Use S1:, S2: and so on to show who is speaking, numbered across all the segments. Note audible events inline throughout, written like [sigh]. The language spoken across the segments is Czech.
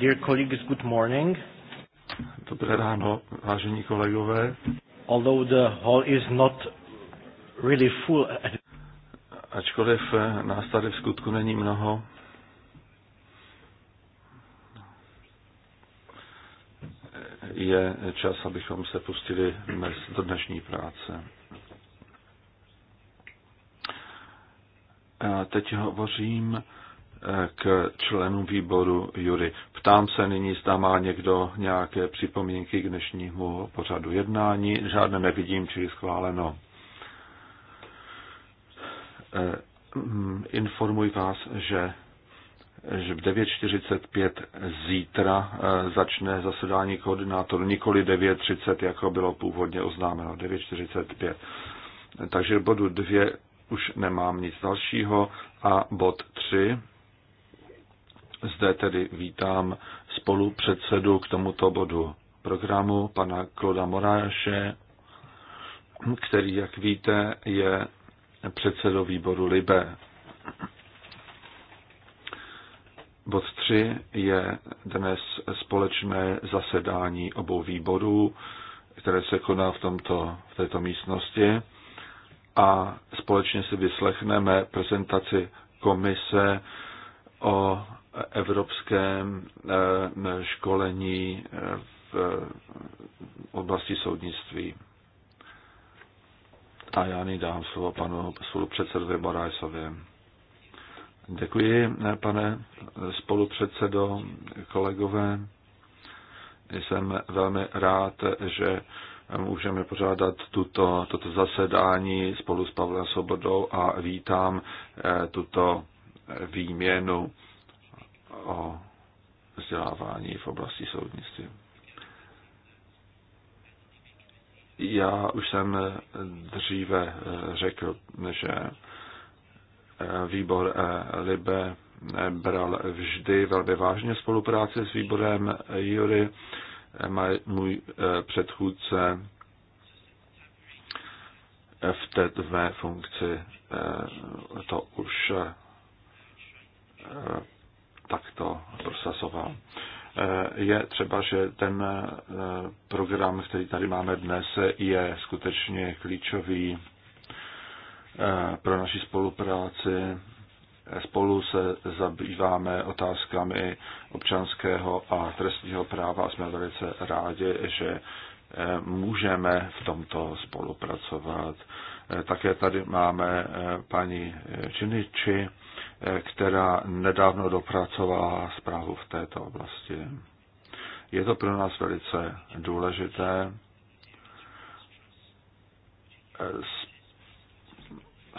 S1: Dear colleagues, good morning. Dobré ráno, vážení kolegové. Although the hall is not really full. Ačkoliv eh, nás tady v skutku není mnoho, je čas, abychom se pustili do dnešní práce. A teď hovořím k členům výboru Jury. Ptám se nyní, zda má někdo nějaké připomínky k dnešnímu pořadu jednání. Žádné nevidím, čili schváleno. E, mm, informuji vás, že že v 9.45 zítra e, začne zasedání koordinátoru, nikoli 9.30, jako bylo původně oznámeno, 9.45. Takže bodu 2 už nemám nic dalšího a bod 3 zde tedy vítám spolupředsedu k tomuto bodu programu, pana Kloda Moráše, který, jak víte, je předsedou výboru Libe. Bod 3 je dnes společné zasedání obou výborů, které se koná v, tomto, v této místnosti a společně si vyslechneme prezentaci komise o evropském eh, školení eh, v oblasti soudnictví. A já nyní dám slovo panu spolupředsedovi Barajsovi. Děkuji, eh, pane spolupředsedo, kolegové. Jsem velmi rád, že můžeme pořádat tuto, toto zasedání spolu s Pavlem Sobodou a vítám tuto výměnu o vzdělávání v oblasti soudnictví. Já už jsem dříve řekl, že výbor Libe bral vždy velmi vážně spolupráci s výborem Jury. Můj eh, předchůdce eh, v té dvě funkci eh, to už takto prosazoval. Eh, je třeba, že ten eh, program, který tady máme dnes, je skutečně klíčový eh, pro naši spolupráci. Spolu se zabýváme otázkami občanského a trestního práva a jsme velice rádi, že můžeme v tomto spolupracovat. Také tady máme paní Činiči, která nedávno dopracovala zprávu v této oblasti. Je to pro nás velice důležité.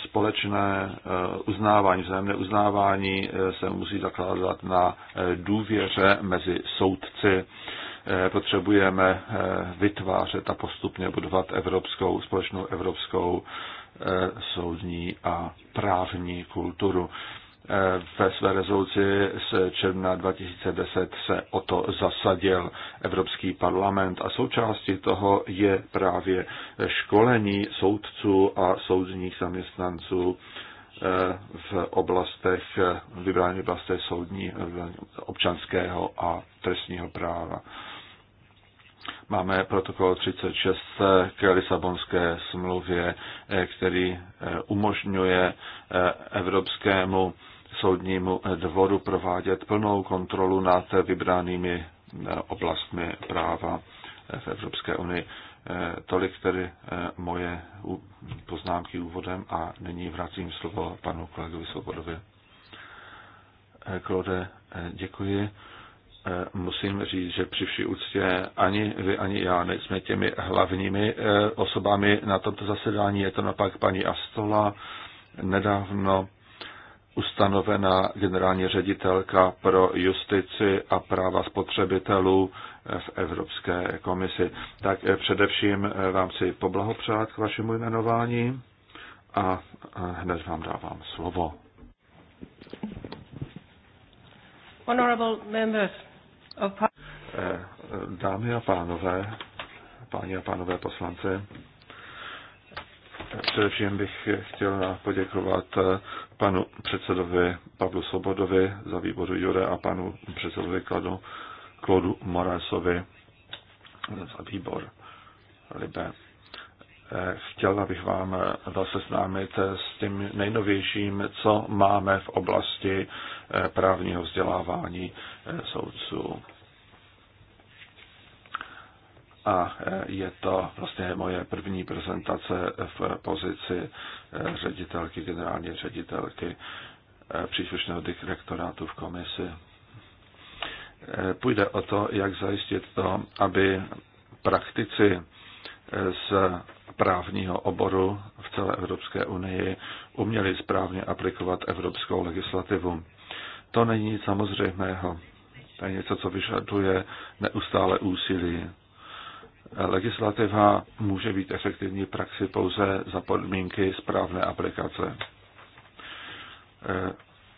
S1: Společné eh, uznávání, vzájemné uznávání eh, se musí zakládat na eh, důvěře mezi soudci. Potřebujeme vytvářet a postupně budovat evropskou, společnou evropskou soudní a právní kulturu ve své rezoluci z června 2010 se o to zasadil Evropský parlament a součástí toho je právě školení soudců a soudních zaměstnanců eh, v oblastech, vybrání oblastech soudní, občanského a trestního práva. Máme protokol 36 k Lisabonské smluvě, eh, který eh, umožňuje Evropskému soudnímu dvoru provádět plnou kontrolu nad vybranými oblastmi práva v Evropské unii. Tolik tedy eh, moje poznámky úvodem a nyní vracím slovo panu kolegovi Svobodovi. Klode, eh, eh, děkuji. Musím říct, že při vší úctě ani vy, ani já nejsme těmi hlavními osobami na tomto zasedání. Je to napak paní Astola. Nedávno ustanovená generální ředitelka pro justici a práva spotřebitelů v Evropské komisi. Tak eh, především eh, vám si poblahopřát k vašemu jmenování a hned vám dávám slovo. Eh, dámy a pánové, páni a pánové poslanci, Především bych chtěl poděkovat panu předsedovi Pavlu Svobodovi za výboru Jure a panu předsedovi Kladu, Klodu Morasovi za výbor Libe. chtěl bych vám zase seznámit s tím nejnovějším, co máme v oblasti právního vzdělávání soudců a e, je to vlastně moje první prezentace v pozici e, ředitelky, generální ředitelky e, příslušného direktorátu v komisi. Půjde o to, jak zajistit to, aby praktici z právního oboru v celé Evropské unii uměli správně aplikovat evropskou legislativu. To není nic samozřejmého. To je něco, co vyžaduje neustále úsilí. Legislativa může být efektivní praxi pouze za podmínky správné aplikace. Eh,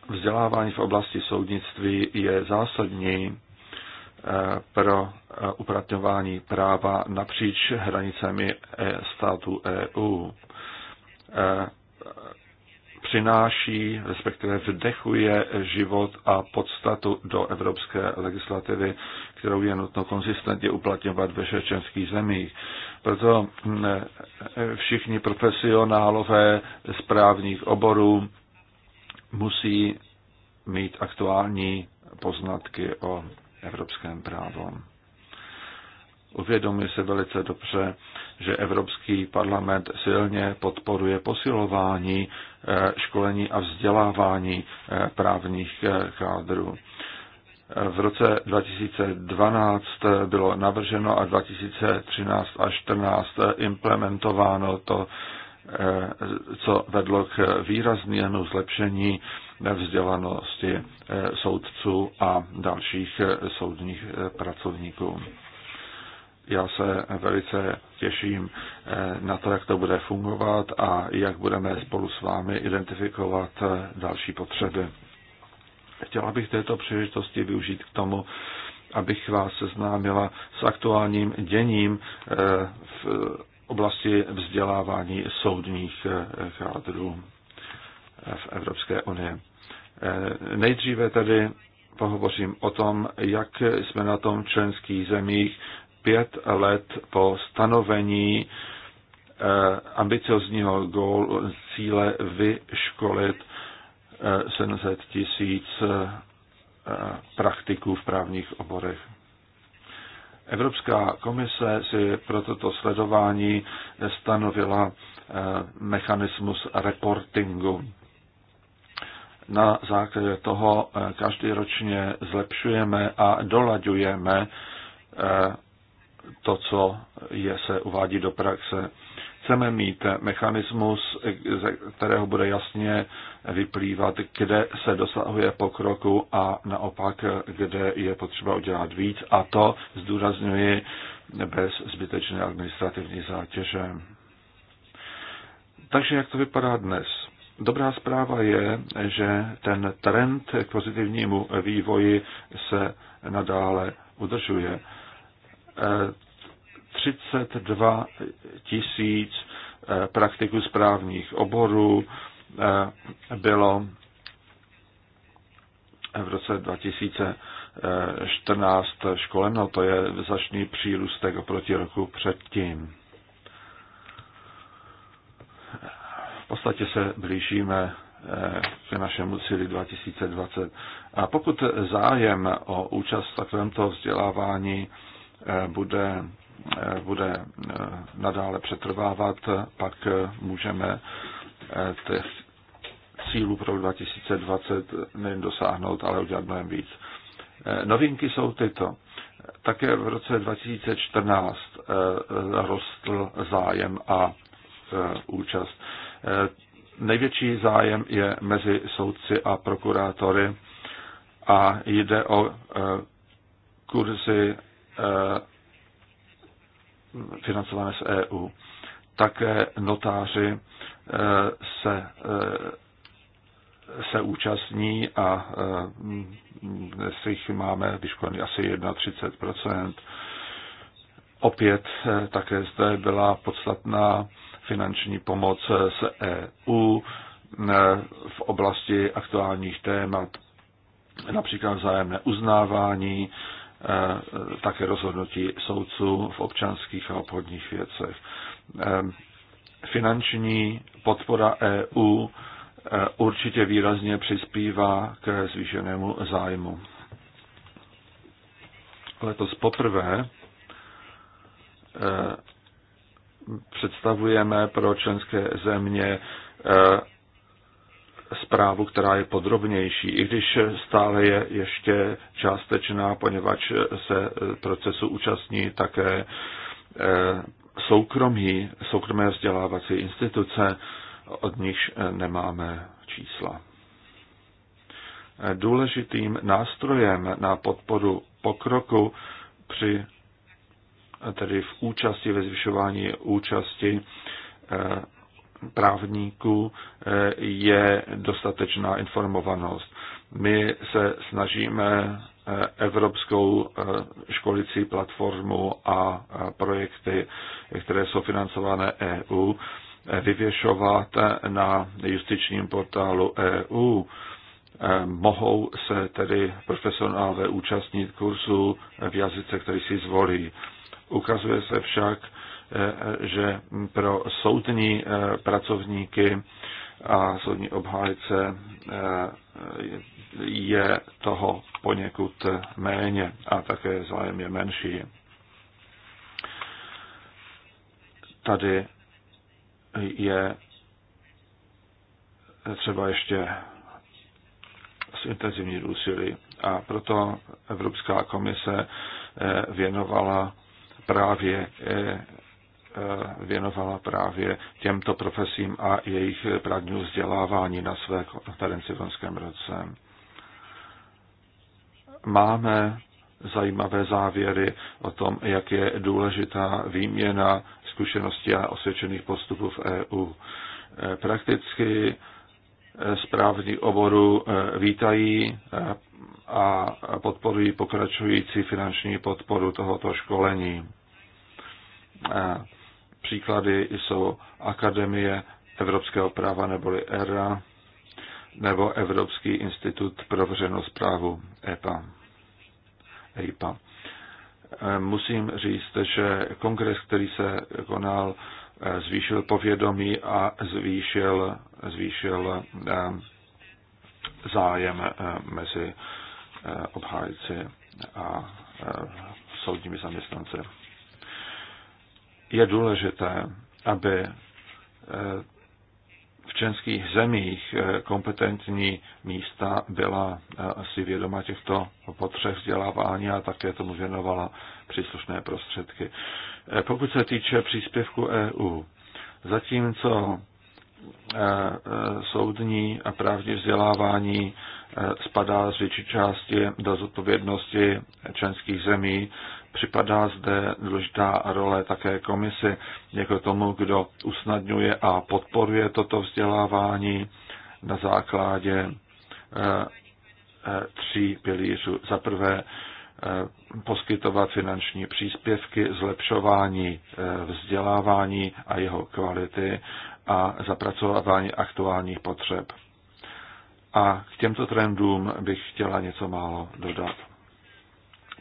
S1: vzdělávání v oblasti soudnictví je zásadní eh, pro eh, uplatňování práva napříč hranicemi států EU přináší, respektive vdechuje život a podstatu do evropské legislativy, kterou je nutno konzistentně uplatňovat ve šečenských zemích. Proto mm, všichni profesionálové z právních oborů musí mít aktuální poznatky o evropském právu. Uvědomuji se velice dobře, že Evropský parlament silně podporuje posilování eh, školení a vzdělávání eh, právních eh, kádrů. V roce 2012 bylo navrženo a 2013 a 2014 implementováno to, co vedlo k výraznému zlepšení vzdělanosti soudců a dalších soudních pracovníků já se velice těším eh, na to, jak to bude fungovat a jak budeme spolu s vámi identifikovat eh, další potřeby. Chtěla bych této příležitosti využít k tomu, abych vás seznámila s aktuálním děním eh, v oblasti vzdělávání soudních kádrů v Evropské unii. Nejdříve tedy pohovořím o tom, jak jsme na tom v členských zemích pět let po stanovení eh, ambiciozního gólu, cíle vyškolit 700 eh, tisíc eh, praktiků v právních oborech. Evropská komise si pro toto sledování stanovila mechanismus reportingu. Na základě toho každý ročně zlepšujeme a dolaďujeme to, co je, se uvádí do praxe. Chceme mít mechanismus, ze kterého bude jasně vyplývat, kde se dosahuje pokroku a naopak, kde je potřeba udělat víc. A to zdůrazňuji bez zbytečné administrativní zátěže. Takže jak to vypadá dnes? Dobrá zpráva je, že ten trend k pozitivnímu vývoji se nadále udržuje. 32 tisíc eh, praktiků správních oborů eh, bylo v roce 2014 školeno. To je začný přírůstek oproti roku předtím. V podstatě se blížíme eh, k našemu cíli 2020. A pokud zájem o účast v takovémto vzdělávání bude Eh, bude eh, nadále přetrvávat, pak eh, můžeme těch cílů pro 2020 nejen dosáhnout, ale udělat mnohem víc. Novinky jsou tyto. Také v roce 2014 rostl zájem a účast. Největší zájem je mezi soudci a prokurátory a jde o kurzy financované z EU. Také notáři eh, se, eh, se účastní a dnes eh, jich máme vyškolený asi 31 Opět také zde byla podstatná finanční pomoc z EU v oblasti aktuálních témat, například vzájemné uznávání, Eh, také rozhodnutí soudců v občanských a obchodních věcech. Eh, finanční podpora EU eh, určitě výrazně přispívá k zvýšenému zájmu. Letos poprvé představujeme pro členské země zprávu, která je podrobnější, i když stále je ještě částečná, poněvadž se procesu účastní také eh, soukromí, soukromé vzdělávací instituce, od nichž nemáme čísla. Důležitým nástrojem na podporu pokroku při tedy v účasti, ve zvyšování účasti eh, právníků eh, je dostatečná informovanost. My se snažíme eh, evropskou eh, školicí platformu a projekty, které jsou financované EU, vyvěšovat na justičním portálu EU. Mohou se tedy profesionálové účastnit kurzu v jazyce, který si zvolí. Ukazuje se však, že pro soudní eh, pracovníky a soudní obhájce eh, je toho poněkud méně a také zájem je menší. Tady je třeba ještě s intenzivní úsilí a proto Evropská komise eh, věnovala právě věnovala právě těmto profesím a jejich právní vzdělávání na své konferenci v loňském roce. Máme zajímavé závěry o tom, jak je důležitá výměna zkušeností a osvědčených postupů v EU. Prakticky správní oboru e, vítají e, a podporují pokračující finanční podporu tohoto školení. E, Příklady jsou Akademie evropského práva neboli ERA nebo Evropský institut pro veřejnou zprávu EPA. EIPA. Eh, musím říct, že kongres, který se konal, eh, zvýšil povědomí a zvýšil, zvýšil eh, zájem mezi obhájci a soudními zaměstnanci je důležité, aby eh, v českých zemích eh, kompetentní místa byla eh, si vědoma těchto potřeb vzdělávání a také tomu věnovala příslušné prostředky. Pokud se týče příspěvku EU, zatímco soudní a právní vzdělávání spadá z větší části do zodpovědnosti členských zemí, Připadá zde důležitá role také komisi, jako tomu, kdo usnadňuje a podporuje toto vzdělávání na základě eh, eh, tří pilířů. Za prvé eh, poskytovat finanční příspěvky, zlepšování vzdělávání a jeho kvality a zapracovávání aktuálních potřeb. A k těmto trendům bych chtěla něco málo dodat.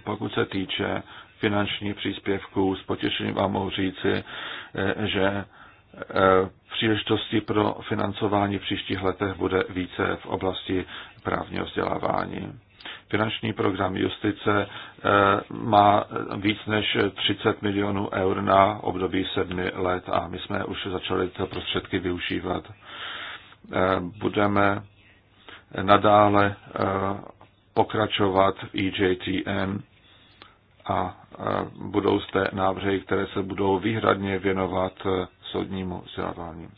S1: Pokud se týče finančních příspěvků, s potěšením vám mohu říci, eh, že eh, příležitosti pro financování v příštích letech bude více v oblasti právního vzdělávání. Finanční program justice eh, má víc než 30 milionů eur na období sedmi let a my jsme už začali ty prostředky využívat. Budeme nadále pokračovat v EJTM a budou zde návrhy, které se budou výhradně věnovat e, soudnímu vzdělávání.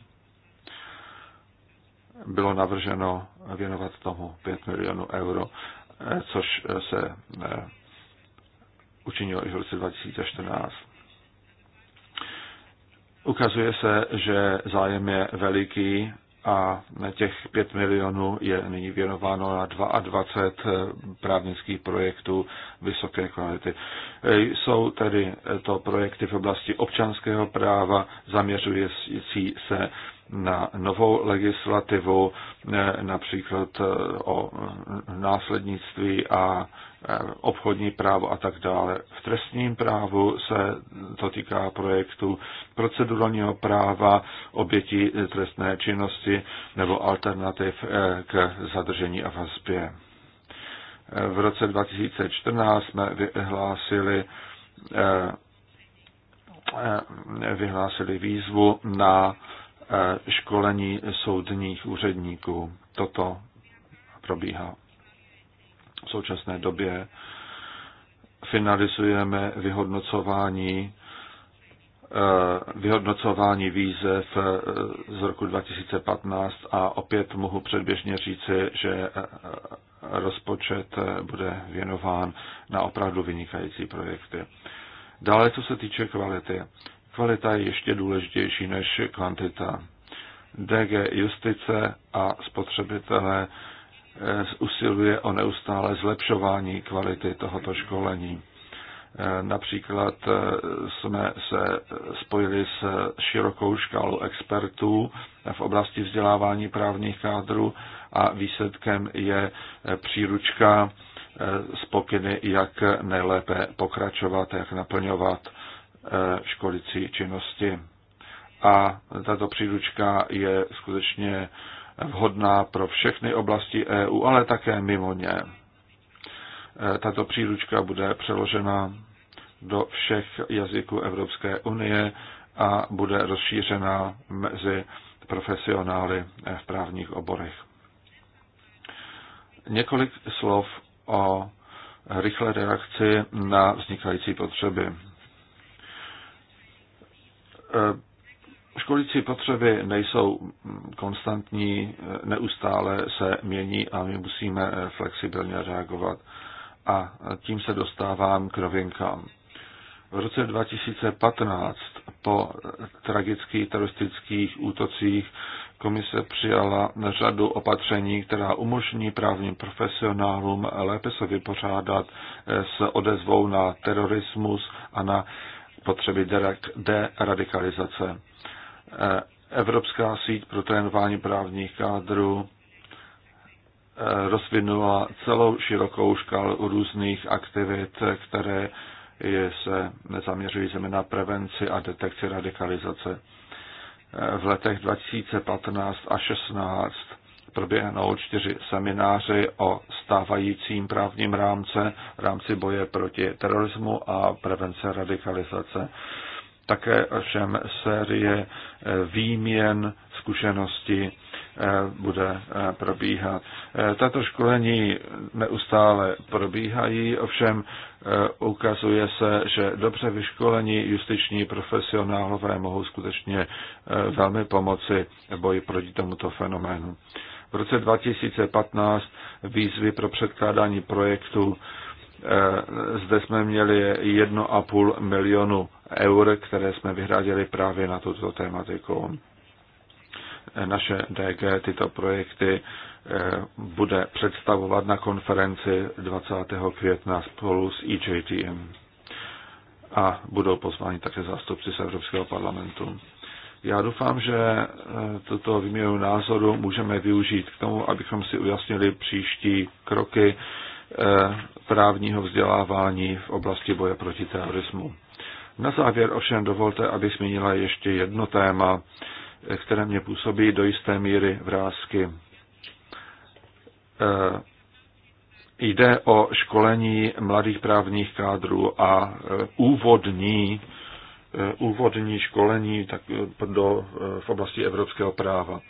S1: Bylo navrženo věnovat tomu 5 milionů euro, e, což se e, učinilo i v roce 2014. Ukazuje se, že zájem je veliký a těch 5 milionů je nyní věnováno na 22 eh, právnických projektů vysoké kvality. Eh, jsou tedy eh, to projekty v oblasti občanského práva zaměřující se na novou legislativu, eh, například eh, o následnictví a eh, obchodní právo a tak dále. V trestním právu se to týká projektu procedurálního práva, obětí trestné činnosti nebo alternativ k zadržení a vazbě. V roce 2014 jsme vyhlásili vyhlásili výzvu na Eh, školení soudních úředníků. Toto probíhá. V současné době finalizujeme vyhodnocování eh, vyhodnocování výzev eh, z roku 2015 a opět mohu předběžně říci, že rozpočet bude věnován na opravdu vynikající projekty. Dále, co se týče kvality kvalita je ještě důležitější než kvantita. DG Justice a spotřebitelé eh, usiluje o neustále zlepšování kvality tohoto školení. Eh, například eh, jsme se spojili s širokou škálou expertů v oblasti vzdělávání právních kádrů a výsledkem je příručka s pokyny, jak nejlépe pokračovat, jak naplňovat Eh, školicí činnosti. A tato příručka je skutečně vhodná pro všechny oblasti EU, ale také mimo ně. Eh, tato příručka bude přeložena do všech jazyků Evropské unie a bude rozšířena mezi profesionály eh, v právních oborech. Několik slov o rychlé reakci na vznikající potřeby. Eh, školící potřeby nejsou konstantní, eh, neustále se mění a my musíme eh, flexibilně reagovat. A tím se dostávám k novinkám. V roce 2015 po tragických teroristických útocích komise přijala řadu opatření, která umožní právním profesionálům lépe se vypořádat s odezvou na terorismus a na potřeby deradikalizace. Eh, Evropská síť pro trénování právních kádrů eh, rozvinula celou širokou škálu různých aktivit, které se zaměřují zejména na prevenci a detekci radikalizace. Eh, v letech 2015 a 16 proběhnou čtyři semináři o stávajícím právním rámce, rámci boje proti terorismu a prevence radikalizace. Také všem série eh, výměn zkušeností eh, bude eh, probíhat. Tato školení neustále probíhají, ovšem ukazuje se, že dobře vyškolení justiční profesionálové mohou skutečně velmi pomoci v boji proti tomuto fenoménu v roce 2015 výzvy pro předkládání projektů. Eh, zde jsme měli 1,5 milionu eur, které jsme vyhradili právě na tuto tématiku. Eh, naše DG tyto projekty eh, bude představovat na konferenci 20. května spolu s EJTM a budou pozváni také zástupci z Evropského parlamentu. Já doufám, že eh, toto výměnu názoru můžeme využít k tomu, abychom si ujasnili příští kroky eh, právního vzdělávání v oblasti boje proti terorismu. Na závěr ovšem dovolte, abych zmínila ještě jedno téma, eh, které mě působí do jisté míry vrázky. Jde o školení mladých právních kádrů a úvodní Eh, úvodní školení tak eh, do, eh, v oblasti evropského práva.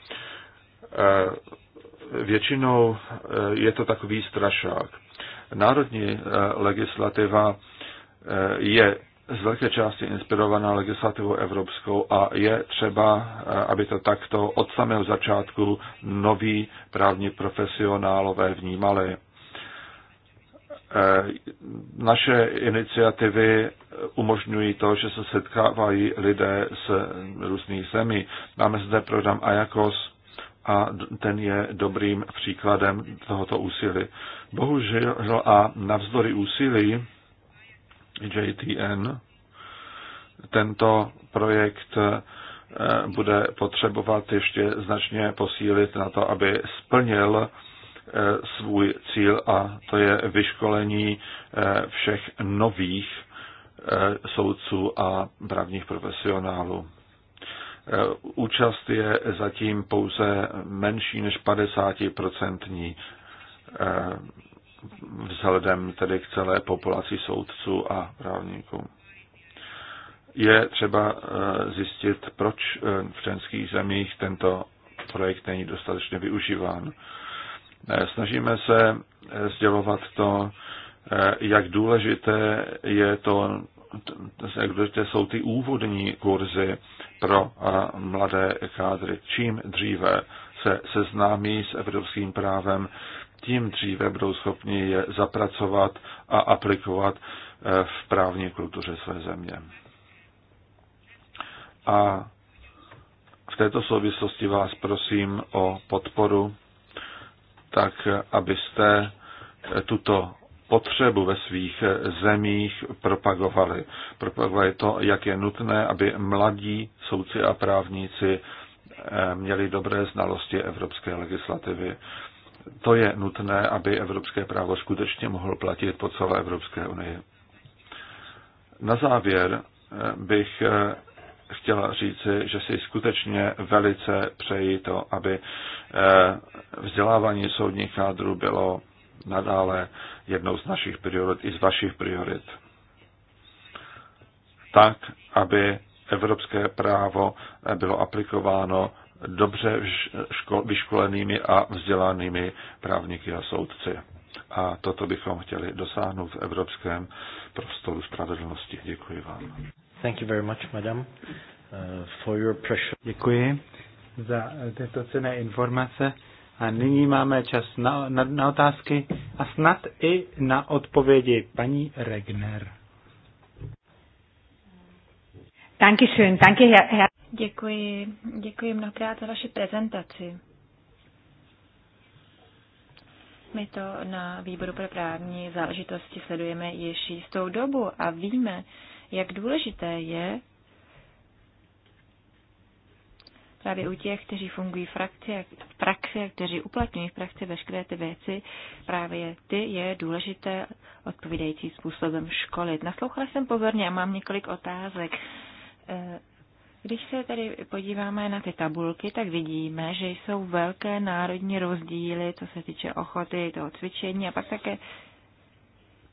S1: Většinou je to takový strašák. Národní legislativa je z velké části inspirovaná legislativou evropskou a je třeba, aby to takto od samého začátku noví právní profesionálové vnímali. Eh, naše iniciativy umožňují to, že se setkávají lidé z různých zemí. Máme zde program Ajakos a ten je dobrým příkladem tohoto úsilí. Bohužel a navzdory úsilí JTN tento projekt eh, bude potřebovat ještě značně posílit na to, aby splnil Eh, svůj cíl a to je vyškolení eh, všech nových eh, soudců a právních profesionálů. Účast je zatím pouze menší než 50% vzhledem tedy k celé populaci soudců a právníků. Je třeba zjistit, proč v členských zemích tento projekt není dostatečně využíván. Eh, snažíme se eh, sdělovat to, eh, jak důležité je to, jak důležité jsou ty úvodní kurzy pro mladé kádry. Čím dříve se seznámí s evropským právem, tím dříve budou schopni je zapracovat a aplikovat v právní kultuře své země. A v této souvislosti vás prosím o podporu tak abyste eh, tuto potřebu ve svých eh, zemích propagovali. Propagovali to, jak je nutné, aby mladí soudci a právníci eh, měli dobré znalosti evropské legislativy. To je nutné, aby evropské právo skutečně mohlo platit po celé Evropské unii. Na závěr bych chtěla říci, že si skutečně velice přeji to, aby eh, vzdělávání soudních kádrů bylo nadále jednou z našich priorit i z vašich priorit. Tak, aby evropské právo eh, bylo aplikováno dobře vyškolenými a vzdělanými právníky a soudci. A toto bychom chtěli dosáhnout v evropském prostoru spravedlnosti. Děkuji vám.
S2: Thank you very much, madam, uh, for your pressure. Děkuji za tyto cené informace. A nyní máme čas na, na, na otázky a snad i na odpovědi. Paní Regner.
S3: Dankeschön, danke, Děkuji, děkuji mnohokrát za vaši prezentaci. My to na výboru pro právní záležitosti sledujeme již jistou dobu a víme, jak důležité je právě u těch, kteří fungují v praxi, v praxi kteří uplatňují v praxi veškeré ty věci, právě ty je důležité odpovídající způsobem školit. Naslouchala jsem pozorně a mám několik otázek. Eh, když se tedy podíváme na ty tabulky, tak vidíme, že jsou velké národní rozdíly, co se týče ochoty toho cvičení a pak také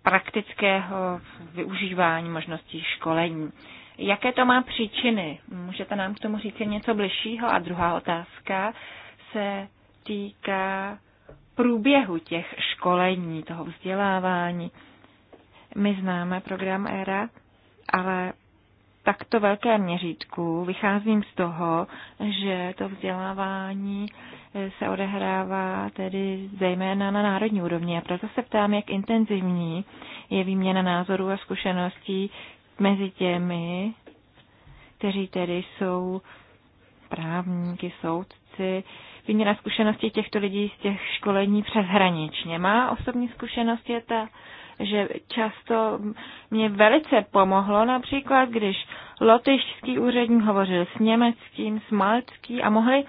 S3: praktického využívání možností školení. Jaké to má příčiny? Můžete nám k tomu říct něco bližšího? A druhá otázka se týká průběhu těch školení, toho vzdělávání. My známe program ERA, ale takto velké měřítku vycházím z toho, že to vzdělávání se odehrává tedy zejména na národní úrovni. A proto se ptám, jak intenzivní je výměna názorů a zkušeností mezi těmi, kteří tedy jsou právníky, soudci, výměna zkušeností těchto lidí z těch školení přeshraničně. Má osobní zkušenost je ta, že často mě velice pomohlo například, když lotyšský úředník hovořil s německým, s maltským a mohli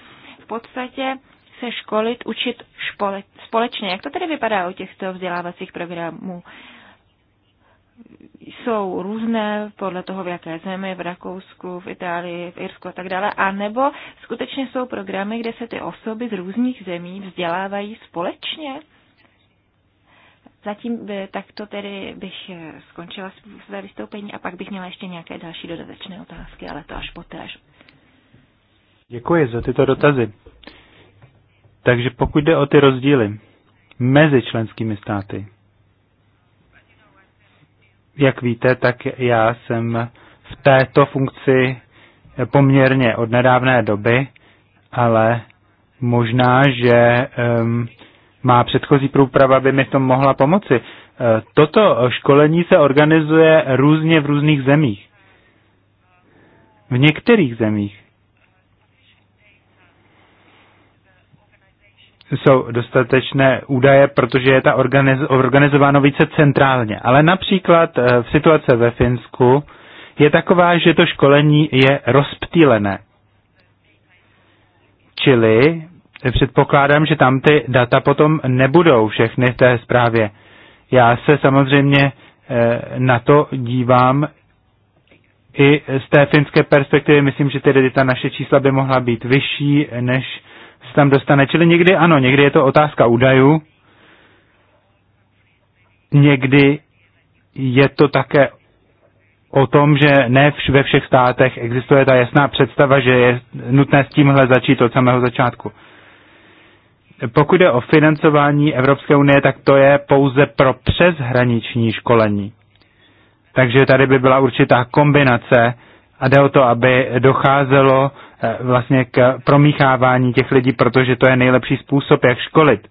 S3: podstatě se školit, učit špole, společně. Jak to tedy vypadá u těchto vzdělávacích programů? Jsou různé podle toho, v jaké zemi, v Rakousku, v Itálii, v Irsku a tak dále, a nebo skutečně jsou programy, kde se ty osoby z různých zemí vzdělávají společně? Zatím by, takto tedy bych eh, skončila své vystoupení a pak bych měla ještě nějaké další dodatečné otázky, ale to až poté,
S2: až Děkuji za tyto dotazy. Takže pokud jde o ty rozdíly mezi členskými státy, jak víte, tak já jsem v této funkci poměrně od nedávné doby, ale možná, že um, má předchozí průprava by mi v tom mohla pomoci. E, toto školení se organizuje různě v různých zemích. V některých zemích jsou dostatečné údaje, protože je ta organiz, organizováno více centrálně. Ale například eh, v situace ve Finsku je taková, že to školení je rozptýlené. Čili předpokládám, že tam ty data potom nebudou všechny v té zprávě. Já se samozřejmě eh, na to dívám i z té finské perspektivy. Myslím, že tedy ta naše čísla by mohla být vyšší než se tam dostane. Čili někdy ano, někdy je to otázka údajů, někdy je to také o tom, že ne ve všech státech existuje ta jasná představa, že je nutné s tímhle začít od samého začátku. Pokud jde o financování Evropské unie, tak to je pouze pro přeshraniční školení. Takže tady by byla určitá kombinace a jde o to, aby docházelo Eh, vlastně k promíchávání těch lidí, protože to je nejlepší způsob, jak školit.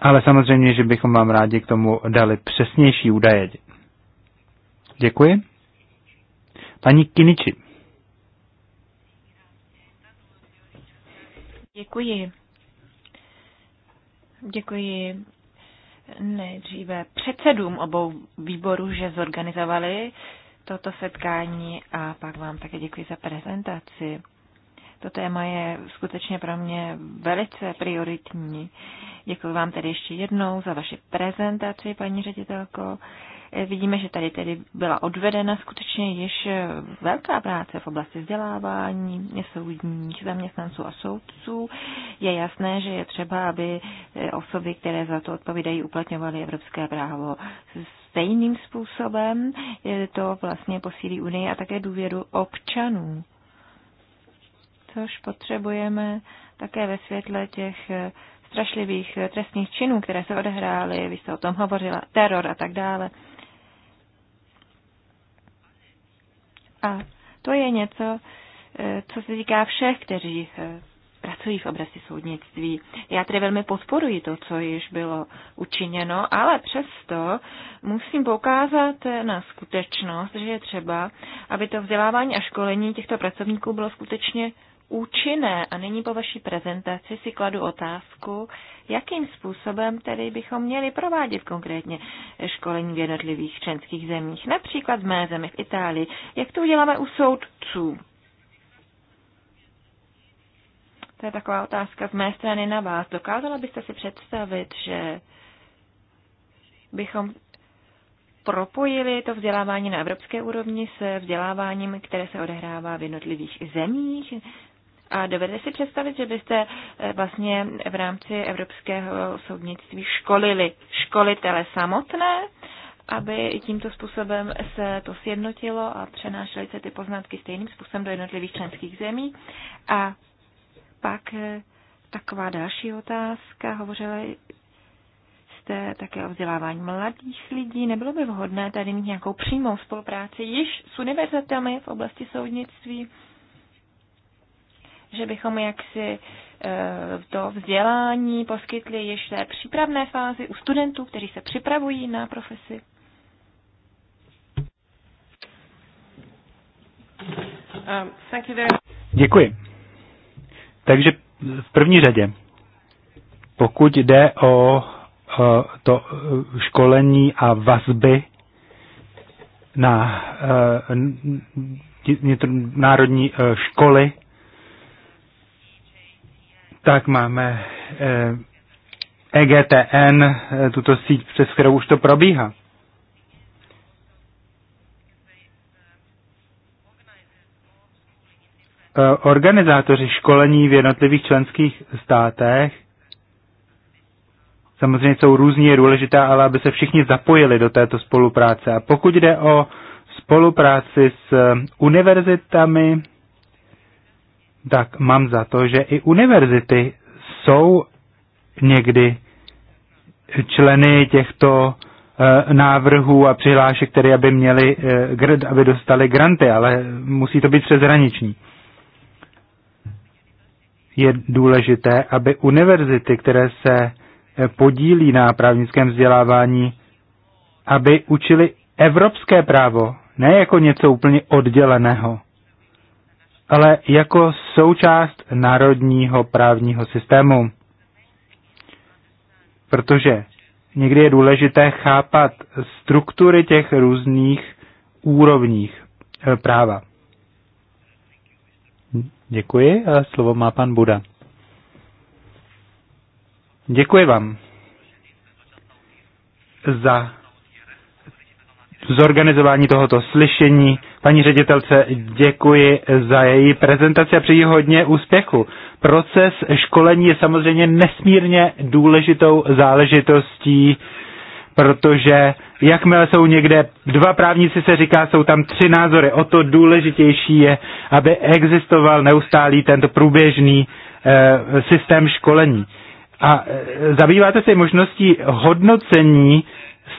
S2: Ale samozřejmě, že bychom vám rádi k tomu dali přesnější údaje. Děkuji. Paní Kiniči.
S3: Děkuji. Děkuji nejdříve předsedům obou výborů, že zorganizovali toto setkání a pak vám také děkuji za prezentaci. To téma je skutečně pro mě velice prioritní. Děkuji vám tedy ještě jednou za vaši prezentaci, paní ředitelko. Eh, vidíme, že tady tedy byla odvedena skutečně již eh, velká práce v oblasti vzdělávání soudních zaměstnanců a soudců. Je jasné, že je třeba, aby eh, osoby, které za to odpovídají, uplatňovaly evropské právo stejným způsobem, to vlastně posílí Unii a také důvěru občanů. Což potřebujeme také ve světle těch eh, strašlivých eh, trestných činů, které se odehrály, vy jste o tom hovořila, teror a tak dále. A to je něco, eh, co se týká všech, kteří pracují v oblasti soudnictví. Já tedy velmi podporuji to, co již bylo učiněno, ale přesto musím poukázat na skutečnost, že je třeba, aby to vzdělávání a školení těchto pracovníků bylo skutečně účinné. A nyní po vaší prezentaci si kladu otázku, jakým způsobem tedy bychom měli provádět konkrétně školení v jednotlivých členských zemích, například v mé zemi v Itálii, jak to uděláme u soudců. To je taková otázka z mé strany na vás. Dokázala byste si představit, že bychom propojili to vzdělávání na evropské úrovni s vzděláváním, které se odehrává v jednotlivých zemích? A dovedete si představit, že byste eh, vlastně v rámci evropského soudnictví školili školitele samotné, aby tímto způsobem se to sjednotilo a přenášely se ty poznatky stejným způsobem do jednotlivých členských zemí? A pak eh, taková další otázka. Hovořila jste také o vzdělávání mladých lidí. Nebylo by vhodné tady mít nějakou přímou spolupráci již s univerzitami v oblasti soudnictví, že bychom jaksi eh, to vzdělání poskytli již té přípravné fázi u studentů, kteří se připravují na profesi? Um,
S2: Děkuji. Takže v první řadě, pokud jde o to e, školení a vazby na e, národní e, školy, tak máme EGTN, tuto síť, přes kterou už to probíhá. Eh, organizátoři školení v jednotlivých členských státech samozřejmě jsou různě důležitá, ale aby se všichni zapojili do této spolupráce. A pokud jde o spolupráci s eh, univerzitami, tak mám za to, že i univerzity jsou někdy členy těchto eh, návrhů a přihlášek, které aby, měli, aby dostali granty, ale musí to být přeshraniční je důležité, aby univerzity, které se eh, podílí na právnickém vzdělávání, aby učili evropské právo, ne jako něco úplně odděleného, ale jako součást národního právního systému. Protože někdy je důležité chápat struktury těch různých úrovních eh, práva. Děkuji a slovo má pan Buda. Děkuji vám za zorganizování tohoto slyšení. Paní ředitelce, děkuji za její prezentaci a přeji hodně úspěchu. Proces školení je samozřejmě nesmírně důležitou záležitostí, protože jakmile jsou někde dva právníci, se říká, jsou tam tři názory. O to důležitější je, aby existoval neustálý tento průběžný e, systém školení. A e, zabýváte se možností hodnocení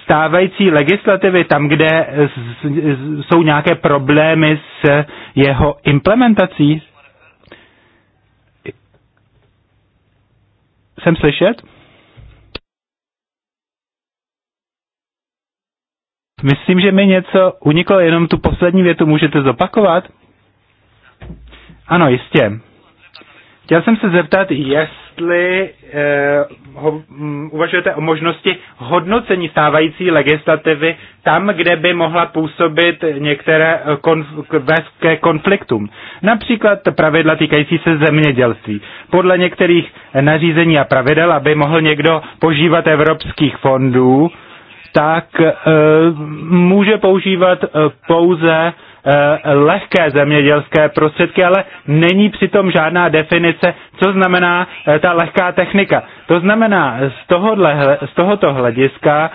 S2: stávající legislativy tam, kde z, z, jsou nějaké problémy s jeho implementací? Jsem slyšet? Myslím, že mi něco uniklo, jenom tu poslední větu můžete zopakovat? Ano, jistě. Chtěl jsem se zeptat, jestli eh, ho, um, uvažujete o možnosti hodnocení stávající legislativy tam, kde by mohla působit některé eh, konf- vést ke konfliktům. Například pravidla týkající se zemědělství. Podle některých nařízení a pravidel, aby mohl někdo požívat evropských fondů, eh, tak eh, může používat eh, pouze eh, lehké zemědělské prostředky, ale není přitom žádná definice, co znamená ta lehká technika. To znamená, z, tohohle, z tohoto hlediska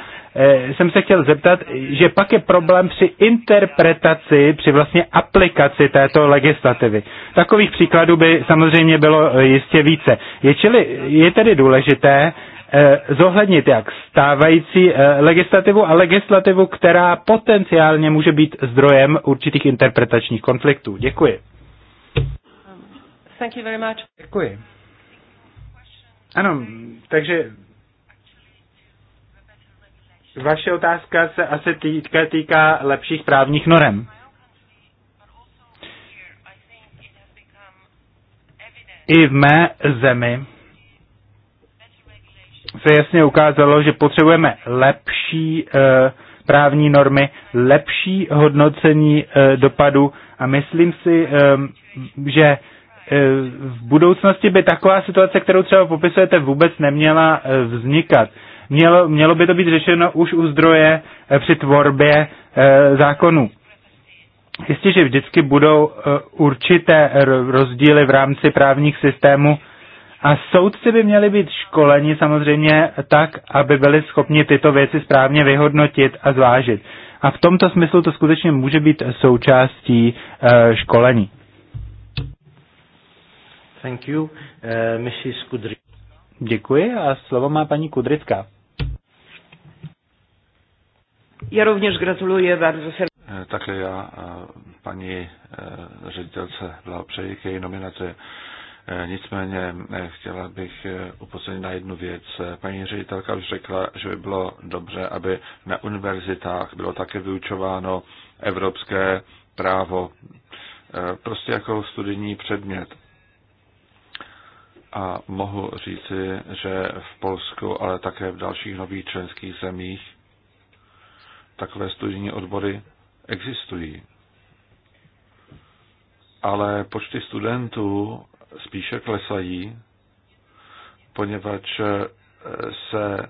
S2: jsem se chtěl zeptat, že pak je problém při interpretaci, při vlastně aplikaci této legislativy. Takových příkladů by samozřejmě bylo jistě více. Je, čili, je tedy důležité, Eh, zohlednit jak stávající eh, legislativu a legislativu, která potenciálně může být zdrojem určitých interpretačních konfliktů. Děkuji. Thank you very much. Děkuji. Ano, takže vaše otázka se asi týká, týká lepších právních norem. I v mé zemi se jasně ukázalo, že potřebujeme lepší eh, právní normy, lepší hodnocení eh, dopadu a myslím si, eh, že v budoucnosti by taková situace, kterou třeba popisujete, vůbec neměla vznikat. Mělo, mělo by to být řešeno už u zdroje při tvorbě zákonů. Jistě, že vždycky budou určité rozdíly v rámci právních systémů, a soudci by měli být školeni samozřejmě tak, aby byli schopni tyto věci správně vyhodnotit a zvážit. A v tomto smyslu to skutečně může být součástí eh, školení. Thank you, uh, Mrs. Kudry. Děkuji a slovo má paní Kudrická. Já rovněž gratuluji bardzo
S1: serdecznie. Eh, Také já paní ředitelce blahopřeji k její nominaci. Eh, nicméně eh, chtěla bych eh, upozornit na jednu věc. Paní ředitelka už řekla, že by bylo dobře, aby na univerzitách bylo také vyučováno evropské právo, prostě jako studijní předmět. A mohu říci, že v Polsku, ale také v dalších nových členských zemích takové studijní odbory existují. Ale počty studentů spíše klesají, poněvadž eh, se eh,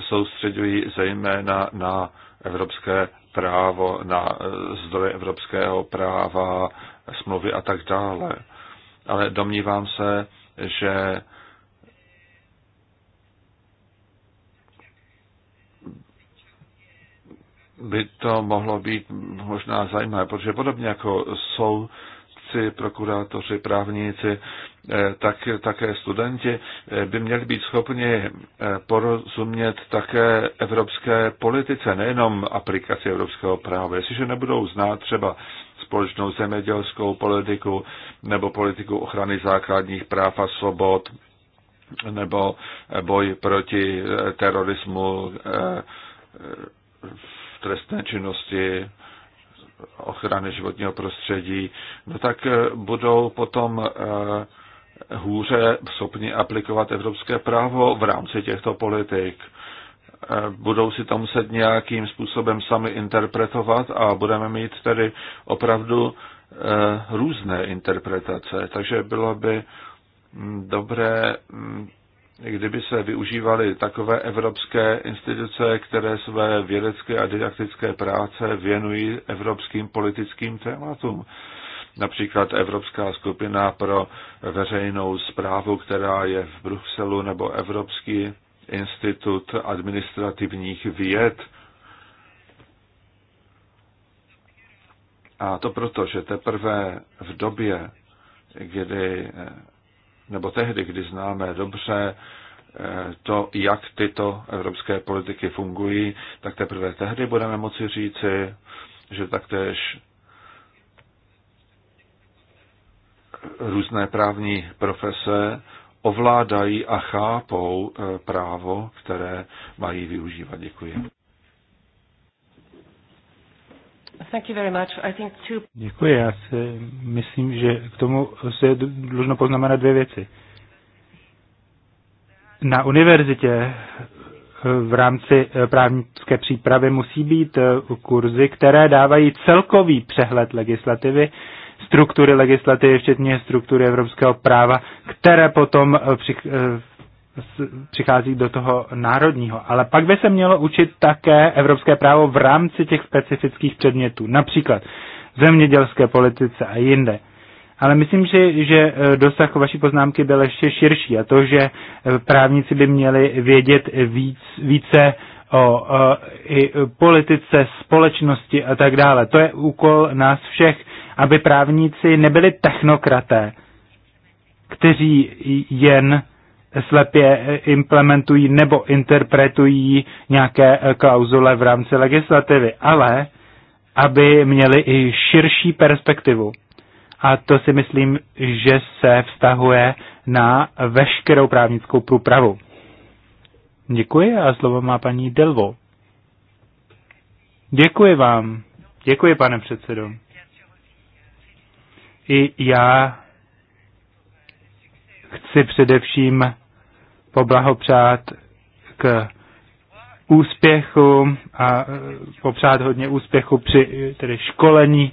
S1: soustředují zejména na evropské právo, na eh, zdroje evropského práva, smlouvy a tak dále. Ale domnívám se, že by to mohlo být možná zajímavé, protože podobně jako jsou soudci, prokurátoři, právníci, eh, tak také studenti eh, by měli být schopni eh, porozumět také evropské politice, nejenom aplikaci evropského práva. Jestliže nebudou znát třeba společnou zemědělskou politiku nebo politiku ochrany základních práv a svobod, nebo boj proti terorismu, v trestné činnosti, ochrany životního prostředí, no tak eh, budou potom eh, hůře schopni aplikovat evropské právo v rámci těchto politik. Eh, budou si to muset nějakým způsobem sami interpretovat a budeme mít tedy opravdu různé interpretace. Takže bylo by mm, dobré mm, kdyby se využívaly takové evropské instituce, které své vědecké a didaktické práce věnují evropským politickým tématům. Například Evropská skupina pro veřejnou zprávu, která je v Bruselu, nebo Evropský institut administrativních věd. A to proto, že teprve v době, kdy nebo tehdy, kdy známe dobře eh, to, jak tyto evropské politiky fungují, tak teprve tehdy budeme moci říci, že taktéž různé právní profese ovládají a chápou eh, právo, které mají využívat. Děkuji.
S2: Děkuji, já si myslím, že k tomu se dlužno poznamenat dvě věci. Na univerzitě eh, v rámci eh, právnické přípravy musí být eh, kurzy, které dávají celkový přehled legislativy, struktury legislativy, včetně struktury evropského práva, které potom při přichází do toho národního. Ale pak by se mělo učit také evropské právo v rámci těch specifických předmětů, například zemědělské politice a jinde. Ale myslím si, že eh, dosah vaší poznámky byl ještě širší a to, že eh, právníci by měli vědět víc, více o eh, i politice, společnosti a tak dále. To je úkol nás všech, aby právníci nebyli technokraté, kteří jen slepě implementují nebo interpretují nějaké klauzule v rámci legislativy, ale aby měli i širší perspektivu. A to si myslím, že se vztahuje na veškerou právnickou průpravu. Děkuji a slovo má paní Delvo. Děkuji vám. Děkuji, pane předsedo. I já chci především poblahopřát k úspěchu a e, popřát hodně úspěchu při e, tedy školení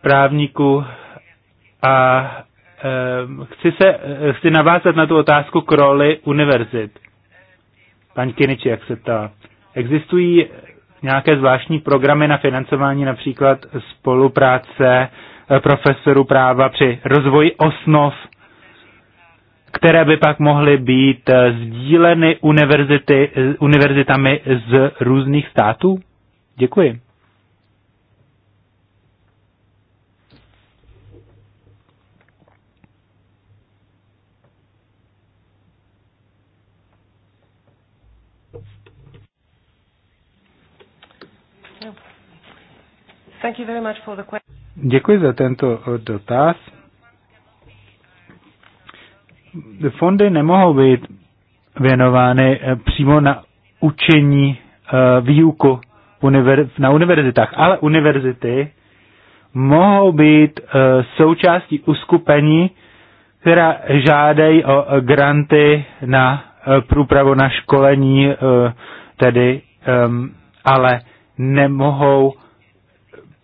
S2: právníků. A e, chci, se, chci navázat na tu otázku k roli univerzit. Pan Kiniči, jak se ptá. Existují nějaké zvláštní programy na financování, například spolupráce profesorů práva při rozvoji osnov které by pak mohly být eh, sdíleny univerzity, eh, univerzitami z různých států? Děkuji. Děkuji za tento dotaz fondy nemohou být věnovány eh, přímo na učení, eh, výuku na univerzitách, ale univerzity mohou být eh, součástí uskupení, která žádají o granty na průpravu na školení, tedy, ehm, ale nemohou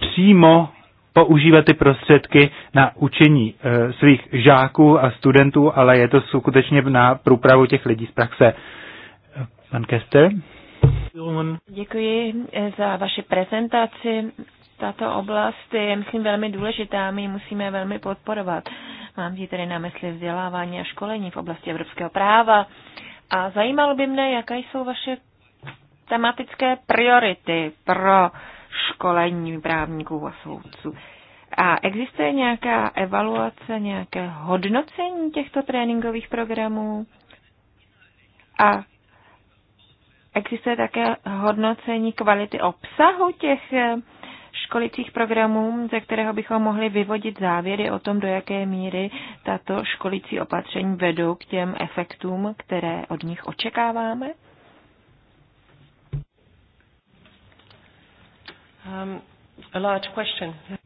S2: přímo používat ty prostředky na učení eh, svých žáků a studentů, ale je to skutečně na průpravu těch lidí z praxe. Pan Kester?
S3: Děkuji eh, za vaši prezentaci. Tato oblast je, myslím, velmi důležitá, my ji musíme velmi podporovat. Mám ji tedy na mysli vzdělávání a školení v oblasti evropského práva. A zajímalo by mne, jaké jsou vaše tematické priority pro školení právníků a soudců. A existuje nějaká evaluace, nějaké hodnocení těchto tréninkových programů? A existuje také hodnocení kvality obsahu těch eh, školicích programů, ze kterého bychom mohli vyvodit závěry o tom, do jaké míry tato školicí opatření vedou k těm efektům, které od nich očekáváme? Um,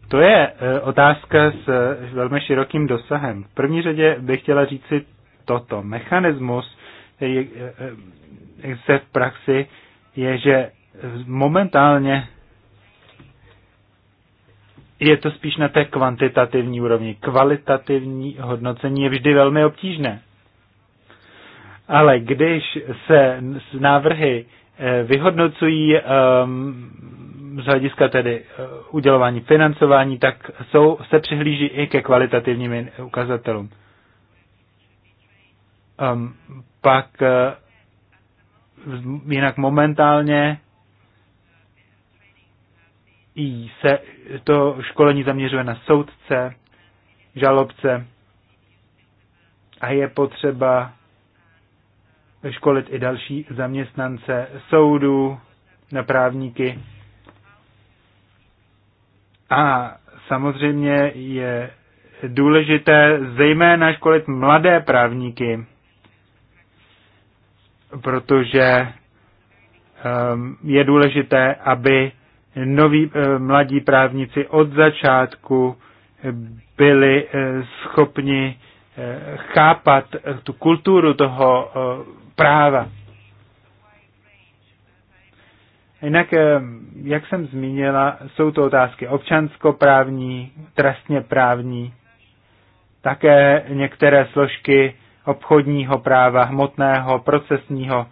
S2: to je eh, otázka s eh, velmi širokým dosahem. V první řadě bych chtěla říci toto. Mechanismus, eh, se v praxi, je, že momentálně je to spíš na té kvantitativní úrovni. Kvalitativní hodnocení je vždy velmi obtížné. Ale když se z návrhy vyhodnocují um, z hlediska tedy eh, udělování financování, tak jsou, se přihlíží i ke kvalitativním ukazatelům. Um, pak uh, jinak momentálně se to školení zaměřuje na soudce, žalobce a je potřeba školit i další zaměstnance soudů, na právníky, a samozřejmě je důležité zejména školit mladé právníky, protože ehm, je důležité, aby noví eh, mladí právníci od začátku byli eh, schopni eh, chápat tu kulturu toho práva. Jinak, eh, jak jsem zmínila, jsou to otázky občanskoprávní, trestně právní, také některé složky obchodního práva, hmotného, procesního.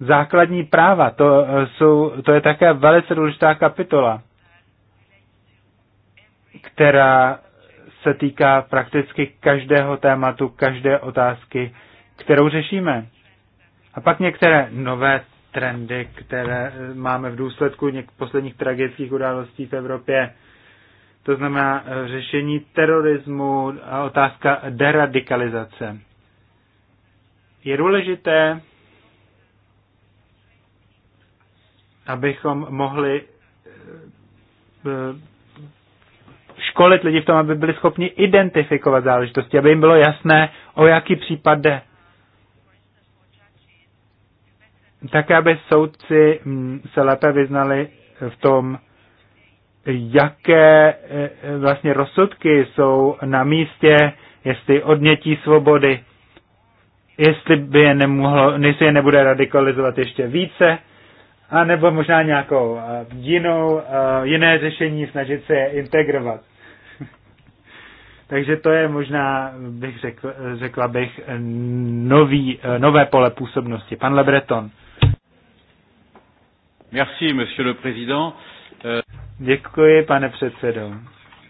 S2: Základní práva, to, eh, jsou, to je také velice důležitá kapitola, která se týká prakticky každého tématu, každé otázky, kterou řešíme. A pak některé nové trendy, které eh, máme v důsledku něk- posledních tragických událostí v Evropě. To znamená eh, řešení terorismu a otázka deradikalizace. Je důležité, abychom mohli eh, školit lidi v tom, aby byli schopni identifikovat záležitosti, aby jim bylo jasné, o jaký případ jde tak aby soudci mm, se lépe vyznali v tom, jaké e, e, vlastně rozsudky jsou na místě, jestli odnětí svobody, jestli by je nemohlo, jestli je nebude radikalizovat ještě více, a nebo možná nějakou e, jinou, jiné řešení snažit se je integrovat. [laughs] Takže to je možná, bych řekl, řekla bych, nový, nové pole působnosti. Pan Lebreton. Euh, Děkuji, pane předsedo.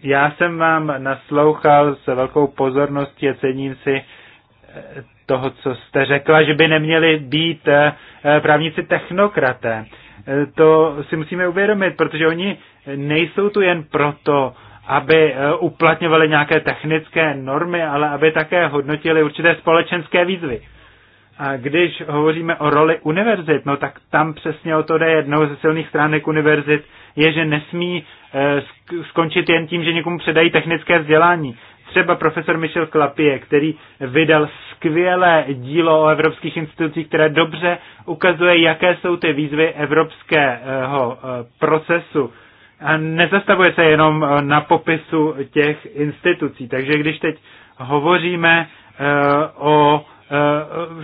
S2: Já jsem vám naslouchal s velkou pozorností a cením si eh, toho, co jste řekla, že by neměli být eh, právníci technokraté. Eh, to si musíme uvědomit, protože oni nejsou tu jen proto, aby uplatňovali nějaké technické normy, ale aby také hodnotili určité společenské výzvy. A když hovoříme o roli univerzit, no tak tam přesně o to jde jednou ze silných stránek univerzit, je, že nesmí eh, skončit jen tím, že někomu předají technické vzdělání. Třeba profesor Michel Klapie, který vydal skvělé dílo o evropských institucích, které dobře ukazuje, jaké jsou ty výzvy evropského eh, procesu. A nezastavuje se jenom eh, na popisu těch institucí. Takže když teď hovoříme o Eh,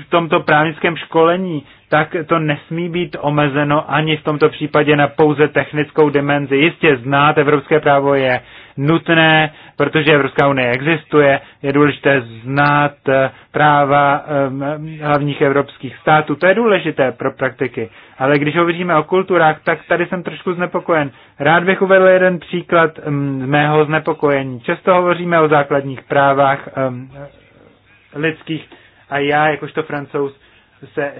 S2: v tomto právnickém školení, tak to nesmí být omezeno ani v tomto případě na pouze technickou dimenzi. Jistě znát evropské právo je nutné, protože Evropská unie existuje, je důležité znát eh, práva eh, hlavních evropských států, to je důležité pro praktiky. Ale když hovoříme o kulturách, tak tady jsem trošku znepokojen. Rád bych uvedl jeden příklad mm, z mého znepokojení. Často hovoříme o základních právách mm, lidských a já, jakožto francouz, se,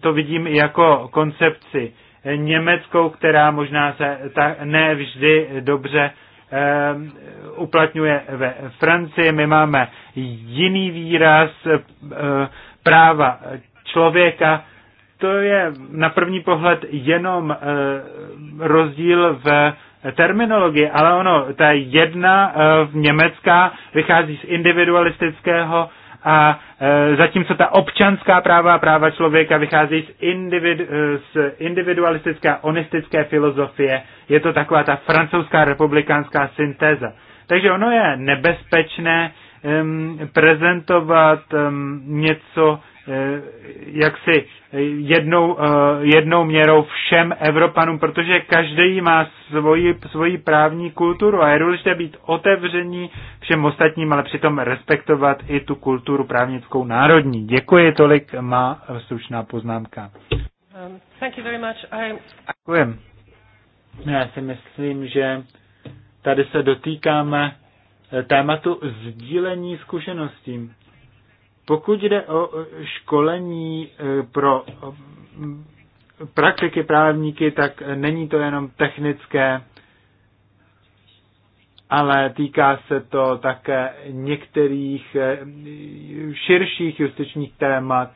S2: to vidím jako koncepci německou, která možná se ta, ne vždy dobře uplatňuje ve Francii. My máme jiný výraz e, práva člověka. To je na první pohled jenom e, rozdíl v terminologii, ale ono, ta jedna e, v německá vychází z individualistického a e, zatímco ta občanská práva a práva člověka vychází z, individu, e, z individualistické a onistické filozofie, je to taková ta francouzská republikánská syntéza. Takže ono je nebezpečné um, prezentovat um, něco Eh, jaksi jednou, eh, jednou měrou všem Evropanům, protože každý má svoji, svoji právní kulturu a je důležité být otevření všem ostatním, ale přitom respektovat i tu kulturu právnickou národní. Děkuji, tolik má slušná poznámka. Um, thank you very much. Děkuji. Já si myslím, že tady se dotýkáme eh, tématu sdílení zkušeností pokud jde o školení e, pro e, praktiky právníky, tak není to jenom technické, ale týká se to také některých e, širších justičních témat.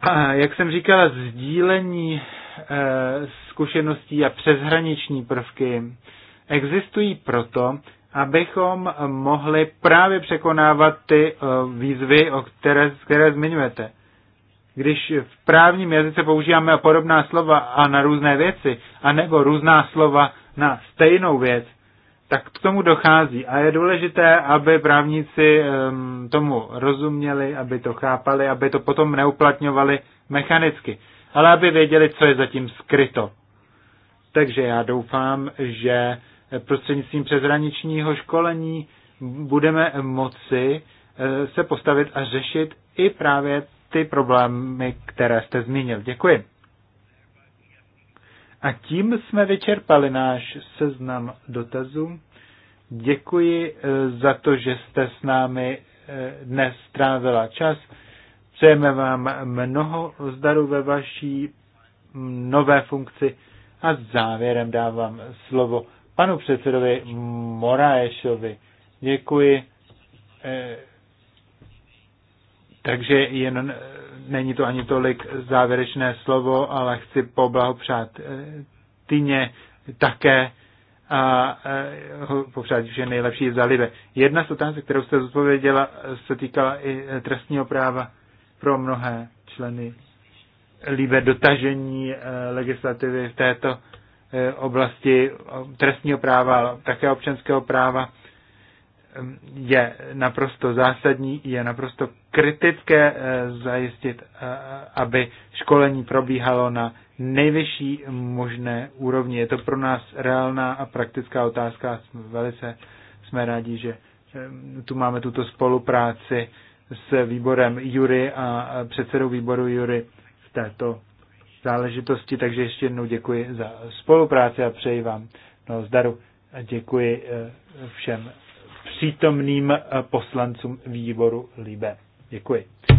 S2: A jak jsem říkala, sdílení zkušeností a přeshraniční prvky existují proto, abychom mohli právě překonávat ty eh, výzvy, o které, které zmiňujete. Když v právním jazyce používáme podobná slova a na různé věci, anebo různá slova na stejnou věc, tak k tomu dochází. A je důležité, aby právníci um, tomu rozuměli, aby to chápali, aby to potom neuplatňovali mechanicky, ale aby věděli, co je zatím skryto. Takže já doufám, že prostřednictvím přezraničního školení budeme moci eh, se postavit a řešit i právě ty problémy, které jste zmínil. Děkuji. A tím jsme vyčerpali náš seznam dotazů. Děkuji eh, za to, že jste s námi eh, dnes strávila čas. Přejeme vám mnoho zdaru ve vaší nové funkci a závěrem dávám slovo panu předsedovi Moraešovi. Děkuji. E, takže jen, e, není to ani tolik závěrečné slovo, ale chci poblahopřát e, Tyně také a popřát vše nejlepší za Libe. Jedna z otázek, kterou jste zodpověděla, se týkala i trestního práva pro mnohé členy Libe dotažení legislativy v této Eh, oblasti trestního práva, také občanského práva eh, je naprosto zásadní, je naprosto kritické eh, zajistit, aby školení probíhalo na nejvyšší možné úrovni. Je to pro nás reálná a praktická otázka. Velice jsme rádi, že tu máme tuto spolupráci s výborem Jury a předsedou výboru Jury v této záležitosti, takže ještě jednou děkuji za spolupráci a přeji vám mnoho zdaru a děkuji eh, všem přítomným eh, poslancům výboru Libe. Děkuji.